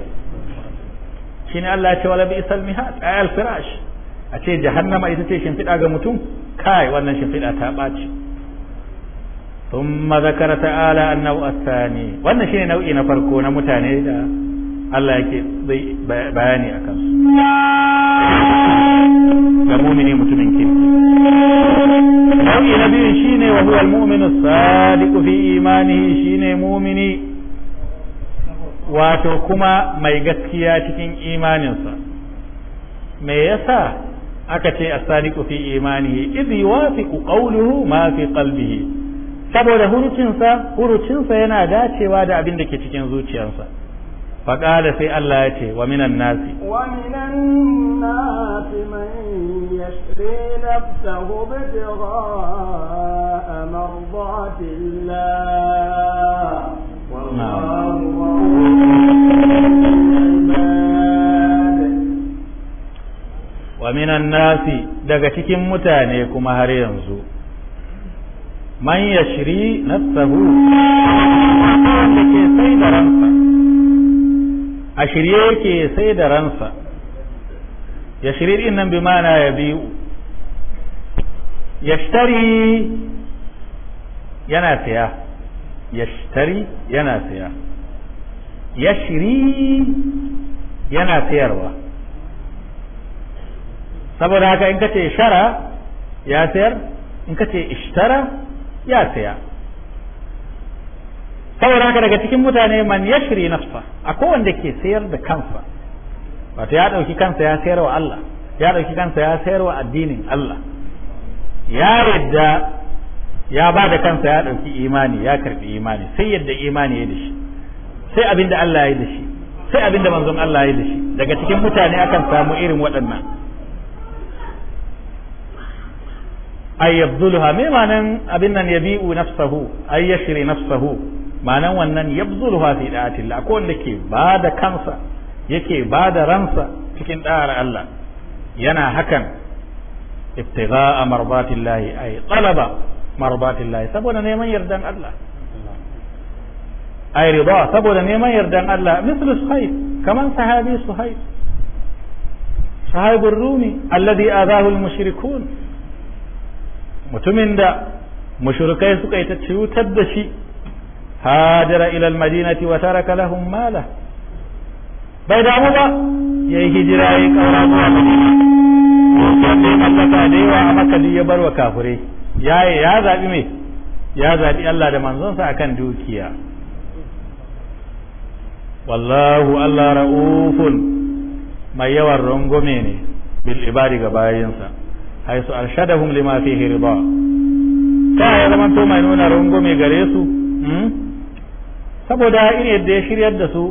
shi ne Allah ya ce wala bi isal miha ayal firash a ce jahannama ita ce shimfiɗa ga mutum kai wannan shimfiɗa ta ɓaci thumma zakara ta'ala annahu Sani. wannan shine nau'i na farko na mutane da Allah yake zai bayani akan su ga mu'mini mutumin ke nau'i na biyu shine wa huwa al-mu'minu sadiqu fi imanihi shine mu'mini wato kuma mai gaskiya cikin imaninsa me yasa aka ce as fi imanihi idh yuwafiqu qawluhu ma fi qalbihi saboda hurucinsa hurucinsa yana dacewa da abin da ke cikin zuciyarsa faƙada sai Allah ya ce wa minan nasi wa minan nasi man yashri nafsahu bidgha'a mardatillah wallahu wa minan nasi daga cikin mutane kuma har yanzu man yashri nafsahu wanda ke sai da ransa a shirye yake sai da ransa ya shiri din nan bi mana ya biyu yashtari yana saya yashtari yana saya yashri yana sayarwa saboda haka in kace shara ya sayar in kace ishtara ya saya saboda haka daga cikin mutane man yashri nafsa akwai wanda ke sayar da kansa wato ya dauki kansa ya sayar wa Allah ya dauki kansa ya sayar wa addinin Allah ya yadda ya ba da kansa ya dauki imani ya karbi imani sai yadda imani ya dashi sai abinda Allah ya da shi sai abinda manzon Allah ya da shi daga cikin mutane akan samu irin waɗannan ay yabduluha me manan abin nan yabi'u nafsahu ay yashri nafsahu manan wannan yabzuluha fi da'ati Allah ko wanda ke bada kansa yake bada ransa cikin da'ar Allah yana hakan ibtigha'a mardatillahi ay talaba mardatillahi saboda neman yardan Allah ay rida saboda neman yardan Allah mislu suhaib kaman sahabi suhaib sahaibur rumi alladhi adahu al-mushrikun mutumin da mushrikai suka yi ta cutar da shi hajara ilal madinati wa taraka lahum mala bai damu ba yayi hijira yayi kaura zuwa madina wanda ya mallaka da yawa a makka ya bar wa kafirai ya zaɓi zabi me ya zabi Allah da manzonsa akan dukiya wallahu Allah ra'ufun mai yawan rungume ne bil ibadi ga bayinsa haisu arshadahum lima fihi rida ta ya zama to mai nuna rungume gare su hmm? saboda in yadda ya shiryar da su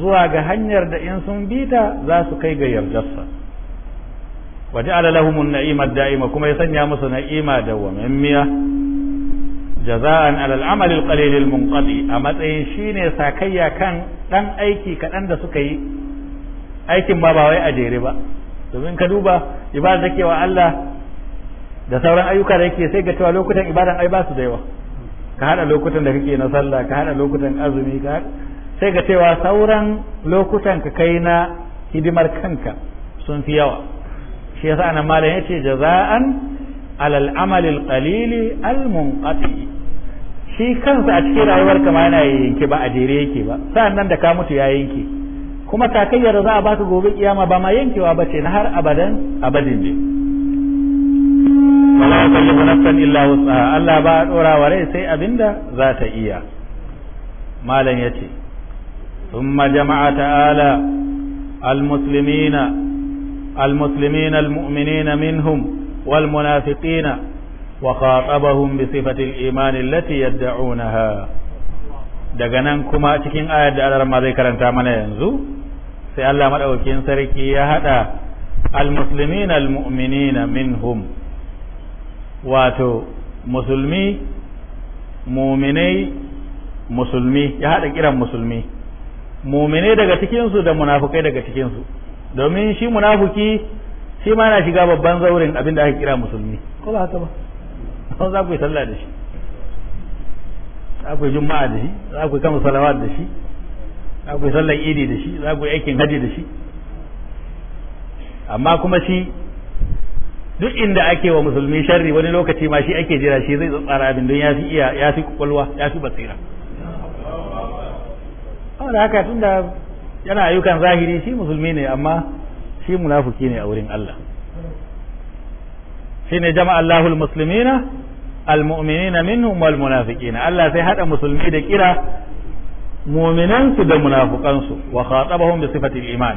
zuwa ga hanyar da in sun bita za su kai ga yardarsa wa ja'ala lahum an-na'ima da'ima kuma ya sanya musu na'ima miya jaza'an ala al-amali al-qalil al-munqadi a matsayin shine sakayya kan dan aiki kadan da suka yi aikin ba ba wai a jere ba domin ka duba ibada da kewa Allah da sauran ayyuka da yake sai ga cewa lokutan ibadan ai ba su da yawa ka hada lokutan da kake na sallah ka hada lokutan azumi ka sai ga cewa sauran lokutan ka kai na hidimar kanka sun fi yawa shi yasa anan malam yace jaza'an alal amali al qalili al munqati shi kansa a cikin rayuwar ma yana yanke ba a jere yake ba sa'an nan da ka mutu ya ki. kuma kai da za a baka gobe kiyama ba ma yankewa ba ce na har abadan abadin ne wala yukallifu nafsan illa wus'aha Allah ba dora wa rai sai abinda za ta iya malam yace thumma jama'a ta'ala al-muslimina المسلمين المؤمنين منهم bi وخاطبهم بصفة الإيمان التي يدعونها daga nan kuma cikin ayar da Allah ma zai karanta mana yanzu sai Allah madaukakin sarki ya hada almuslimin almu'minina minhum wato musulmi muminai musulmi ya hada kiran musulmi muminai daga cikinsu da munafukai daga cikinsu domin shi munafuki shi ma na shiga babban zaurin abin da aka kira musulmi ko ba haka ba don za ku yi sallah da shi za ku yi juma'a da shi za ku yi kama salawat da shi za ku yi sallar idi da shi za ku yi aikin haji da shi amma kuma shi duk inda ake wa musulmi sharri wani lokaci ma shi ake jira shi zai tsara abin don ya fi iya ya fi kwakwalwa ya fi basira wanda haka tunda yana ayyukan zahiri shi musulmi ne amma shi munafuki ne a wurin Allah ne jama'a Allahul muslimina al-mu'minina minhum wal munafiqina Allah sai hada musulmi da kira mu'minansu da munafukansu wa khatabahum bi sifati iman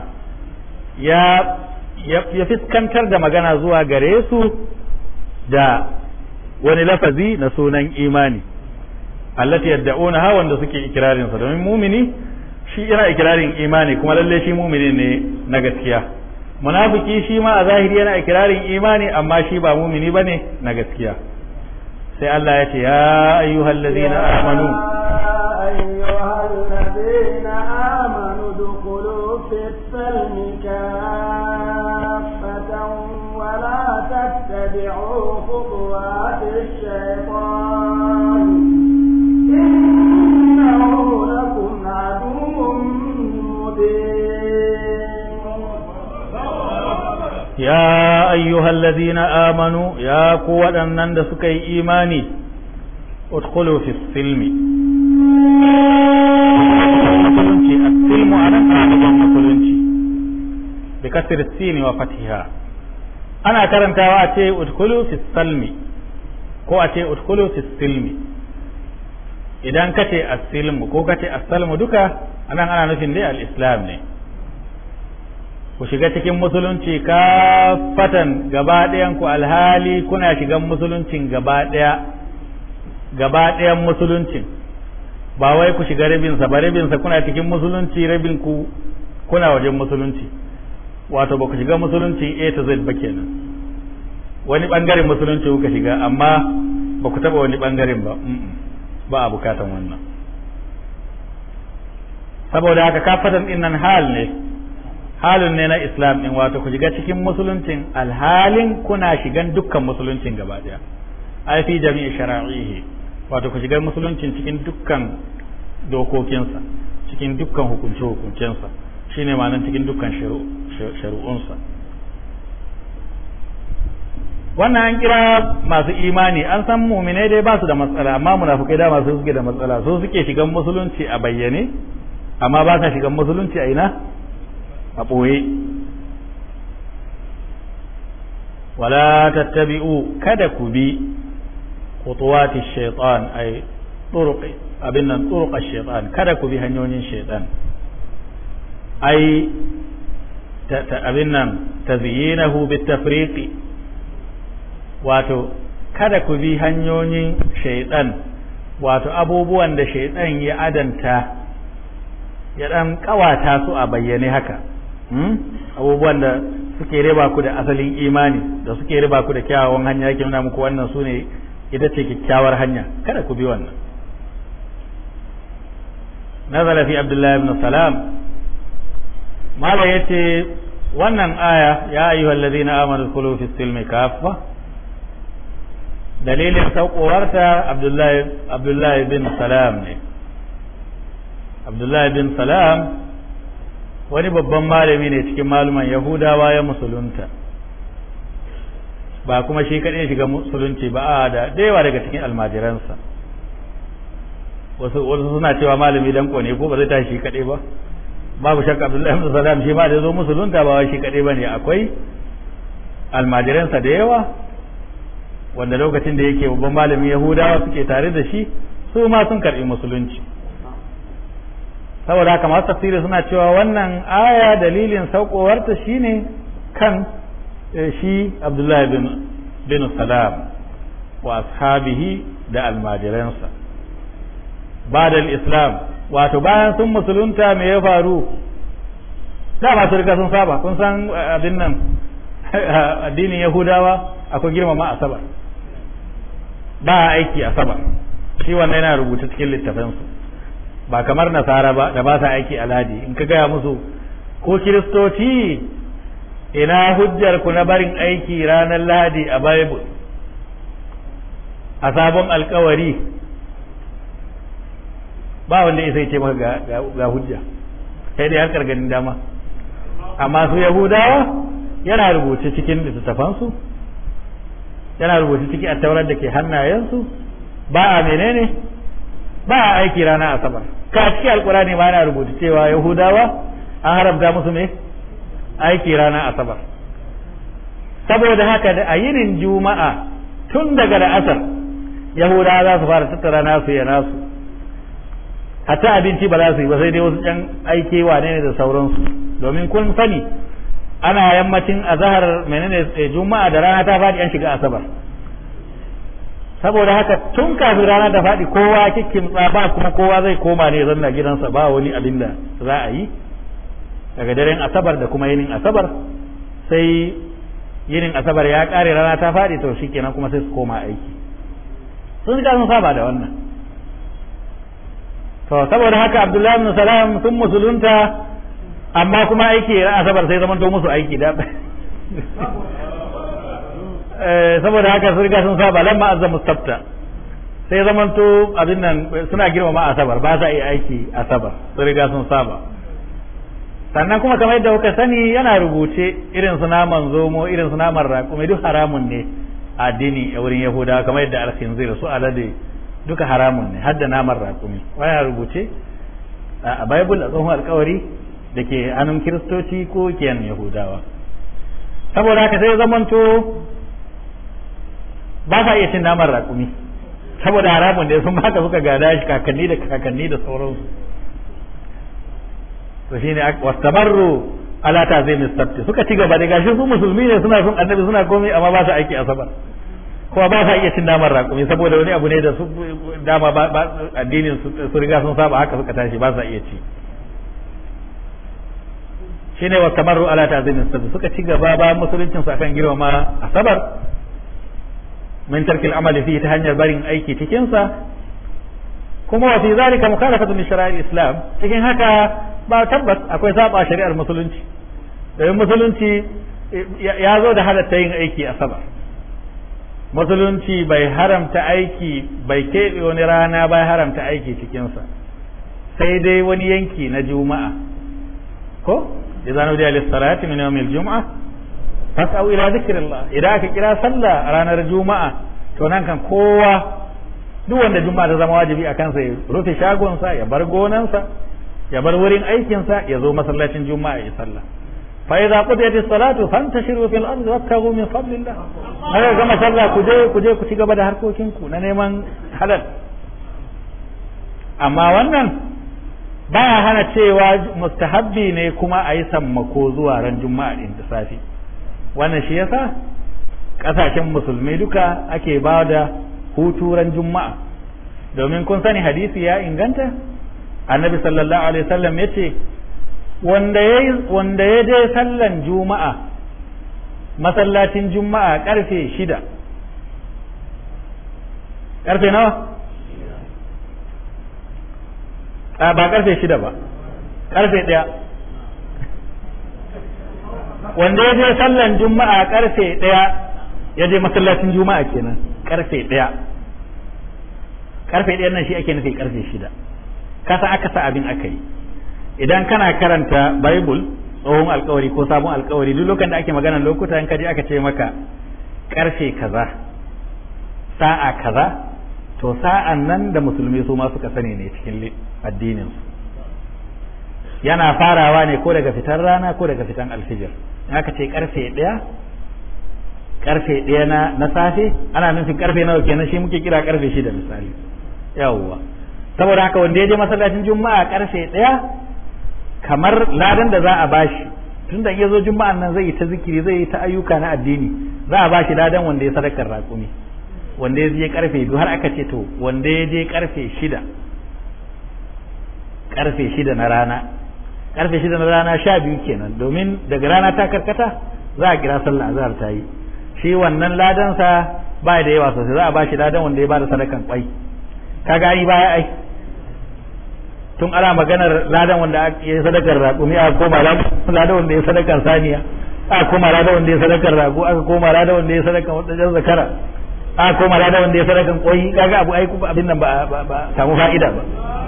ya ya fiskantar da magana zuwa gare su da wani lafazi na sunan imani allati ha wanda suke ikirarin sa domin mumini shi yana ikirarin imani kuma lalle shi mumini ne na gaskiya munafiki shi ma a zahiri yana ikirarin imani amma shi ba mumini bane na gaskiya sai Allah ya ce ya ayyuhallazina amanu الذين آمنوا ادخلوا في السلم كافة ولا تتبعوا خطوات الشيطان إنه لكم عدو مبين يا أيها الذين آمنوا يا قوة أن نندسك إيماني ادخلوا في السلم musulunci as-silmu anan ana nufin musulunci bi kasr sin wa fatiha ana karantawa a ce utkulu fi salmi ko a ce utkulu fi silmi idan ka ce as-silmu ko ka ce as-salmu duka anan ana nufin dai al'islam ne ku shiga cikin musulunci ka fatan gaba ɗayan ku alhali kuna shigan musuluncin gaba ɗaya gaba ɗayan musuluncin ba wai ku shiga rabinsa ba rabinsa kuna cikin musulunci rabin ku kuna wajen musulunci wato ba ku shiga musulunci a ta z ba kenan wani bangaren musulunci kuka shiga amma ba ku taba wani bangaren ba ba a bukatan wannan saboda haka kafatan din nan hal ne halin ne na islam din wato ku shiga cikin musuluncin alhalin kuna shigan dukkan musuluncin gaba daya ai fi jami'i shara'ihi wato ku shigar musuluncin cikin dukkan dokokinsa cikin dukkan hukunce-hukuncensa shine ma'anar cikin dukkan shari'unsa wannan an kira masu imani an san mumine dai ba su da matsala amma munafukai da masu suke da matsala so suke shigan musulunci a bayyane amma ba sa shigan musulunci a ina a ɓoye wala tattabi'u kada ku bi khutuwati shaitan ay turuq abin nan turuq shaitan kada ku bi hanyoyin shaitan ay ta abin nan tazyinahu bitafriqi wato kada ku bi hanyoyin shaitan wato abubuwan da shaitan ya adanta ya dan kawata su a bayyane haka abubuwan da suke riba ku da asalin imani da suke riba ku da kyawawan hanya yake nuna muku wannan su ne ita ce kyakkyawar hanya kada ku bi wannan nazara fi abdullahi ibn salam mala yace wannan aya ya ayyuhal ladina amanu kulu fi silmi kafa dalilin saukowarta abdullahi abdullahi bin salam ne abdullahi bin salam wani babban malami ne cikin maluman yahudawa ya musulunta ba kuma shi kaɗai shiga musulunci ba da yawa daga cikin almajiransa wasu wasu suna cewa malami dan ne ko ba zai tashi shi kaɗai ba babu shakka abdullahi ibn salam shi ba da zo musulunta ba shi kaɗai bane akwai almajiransa da yawa wanda lokacin da yake babban malamin yahudawa suke tare da shi su ma sun karɓi musulunci saboda haka masu tafsiri suna cewa wannan aya dalilin saukowarta shine kan Eh, shi abdullahi bin salam wa ashabihi da almajiransa ba da islam wato bayan sun musulunta me ya faru da ba su riga sun saba kun san eh, abin nan addinin yahudawa akwai girmama asabar ba aiki asabar shi wannan yana rubuta cikin littafansu ba kamar nasara ba da ba sa aiki aladi in ka gaya musu ko kiristoci ina hujjar ku na barin aiki ranar lahadi a bible a sabon alkawari ba wanda isa ce maka ga hujja sai dai harkar ganin dama amma su yahudawa yana rubuce cikin littattafansu yana rubuce ciki a da ke hannayensu ba a menene ba a aiki rana asabar ka ciki alkurani ma yana rubuce cewa yahudawa an haramta musu me aiki rana asabar saboda haka da a yinin juma'a tun daga da asar yahudawa za su fara tattara nasu ya nasu hatta abinci ba za su yi ba sai dai wasu yan aike wane ne da sauransu domin kun sani ana yammacin azahar menene eh, juma'a da rana ta faɗi an shiga asabar saboda haka tun kafin rana ta faɗi kowa kikin ba kuma kowa zai koma ne zanna gidansa ba wani abin da za a yi daga daren asabar da kuma yinin asabar sai yinin asabar ya kare rana ta faɗi to kenan kuma sai su koma aiki sun ga sun saba da wannan to saboda haka abdullahi ibn salam sun musulunta amma kuma aiki asabar sai to musu aiki da eh, saboda haka sun ga sun saba lamma azza mustafta sai to abin nan suna girmama asabar ba za a yi aiki asabar sun ga sun saba sannan kuma kamar yadda kuka sani yana rubuce irin su naman zomo irin su naman raƙumi duk haramun ne addini a wurin yahudawa kamar yadda alkhinzir su alade duka haramun ne hadda naman raƙumi wani rubuce a bible a tsohon alkawari da ke hannun kiristoci ko kiyan yahudawa saboda haka sai zamanto ba sa iya cin naman raƙumi saboda haramun ne sun ba ka suka gada shi kakanni da kakanni da sauransu to shine wastabarru ala ta'zim as-sabt suka ci gaba da gashin su musulmi ne suna son annabi suna komai amma ba su aiki asabar kuma ba su iya cin naman raƙumi saboda wani abu ne da su dama ba addinin su riga sun saba haka suka tashi ba su iya ci shine wa ala ala ta'zimin sabbi suka ci gaba ba musuluncin su akan girmama asabar min tarkil amali fi ta hanyar barin aiki cikin sa kuma wa fi zalika mukhalafatu li shari'il islam cikin haka ba tabbas akwai saba shari'ar musulunci domin musulunci ya zo da halatta yin aiki a saba. musulunci bai haramta aiki bai keɓe wani rana bai haramta aiki cikinsa sai dai wani yanki na juma'a ko ya idan da lissalati min yawmil juma'a fas'au ila zikrillah idan aka kira sallah ranar juma'a to nan kan kowa duk wanda juma'a ta zama wajibi a kansa ya rufe shagonsa ya bar gonansa ya bar wurin aikinsa ya zo masallacin juma'a ya sallah fa idza qudiyat as-salatu fantashiru fil ardi wabtaghu min fadlillah haka gama sallah ku je ku je ku ci gaba da harkokin ku na neman halal amma wannan ya hana cewa mustahabbi ne kuma a yi sammako zuwa ran juma'a din da safi wannan shi yasa kasashen musulmi duka ake ba da hutu juma'a domin kun sani hadisi ya inganta annabi sallallahu alaihi wasallam yace wanda ya wanda ya je sallan juma'a masallacin juma'a karfe shida karfe nawa a ba karfe shida ba karfe ɗaya wanda ya je sallan juma'a karfe ɗaya ya je masallacin juma'a kenan karfe ɗaya karfe ɗayan nan shi ake nufi karfe shida kasa aka sa abin aka yi idan kana karanta bible tsohon alkawari ko sabon alkawari duk lokacin da ake magana lokuta in kaje aka ce maka karfe kaza sa'a kaza to sa'an nan da musulmi su ma suka sani ne cikin addinin su yana farawa ne ko daga fitar rana ko daga fitan alfijir aka ce karfe ɗaya karfe ɗaya na na safe ana nufin karfe nawa kenan shi muke kira karfe shida misali yawwa saboda haka wanda ya je masallacin juma'a karfe ɗaya kamar ladan da za a bashi tun da ya zo juma'ar nan zai yi ta zikiri zai yi ta ayyuka na addini za a bashi ladan wanda ya sadakar raƙumi wanda ya je karfe biyu har aka ce to wanda ya je karfe shida karfe shida na rana karfe shida na rana sha biyu kenan domin daga rana ta karkata za a kira sallah azhar ta yi shi wannan ladansa ba da yawa sosai za a ba shi ladan wanda ya ba da sadakan kwai kaga ai baya ai tun ana maganar ladan wanda ya yi sadakar ne a koma ladan wanda ya yi sadakar saniya a koma ladan wanda ya yi sadakar rago aka koma ladan wanda ya yi sadakar wadannan zakara a koma ladan wanda ya yi sadakar kwai kaga abu ai abin nan ba samu fa'ida ba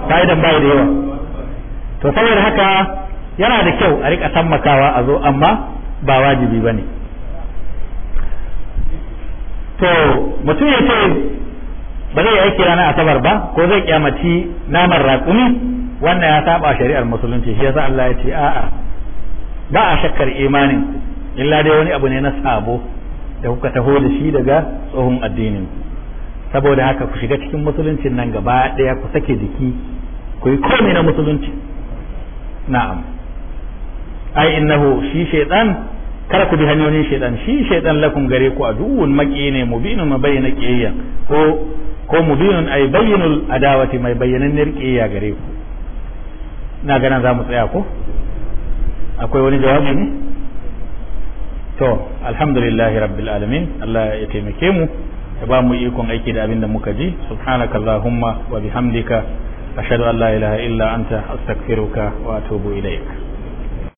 fa'idan ba da yawa to saboda haka yana da kyau a rika tammakawa a zo amma ba wajibi bane to mutum ya ce ba zai aiki ranar asabar ba ko zai kyamaci naman raƙumi wannan ya saba shari'ar musulunci shi yasa Allah ya ce a'a ba a shakkar imanin illa dai wani abu ne na sabo da kuka taho da shi daga tsohon addinin saboda haka ku shiga cikin musuluncin nan gaba ɗaya ku sake jiki ku yi komai na musulunci na'am ai innahu shi shaitan kada ku bi hanyoyin shaitan shi shaitan lakun gare ku aduwwun maki ne mu bayyana ƙiyayya ko ko mubinun a bayyinul adawati mai bayyananniyar qiyya gare ku na ganin za mu tsaya ko akwai wani jawabi ne to alhamdulillah rabbil alamin Allah ya taimake mu ya ba mu ikon aiki da abin da muka ji subhanakallahumma wa bihamdika ashhadu an la ilaha illa anta astaghfiruka wa atubu ilaik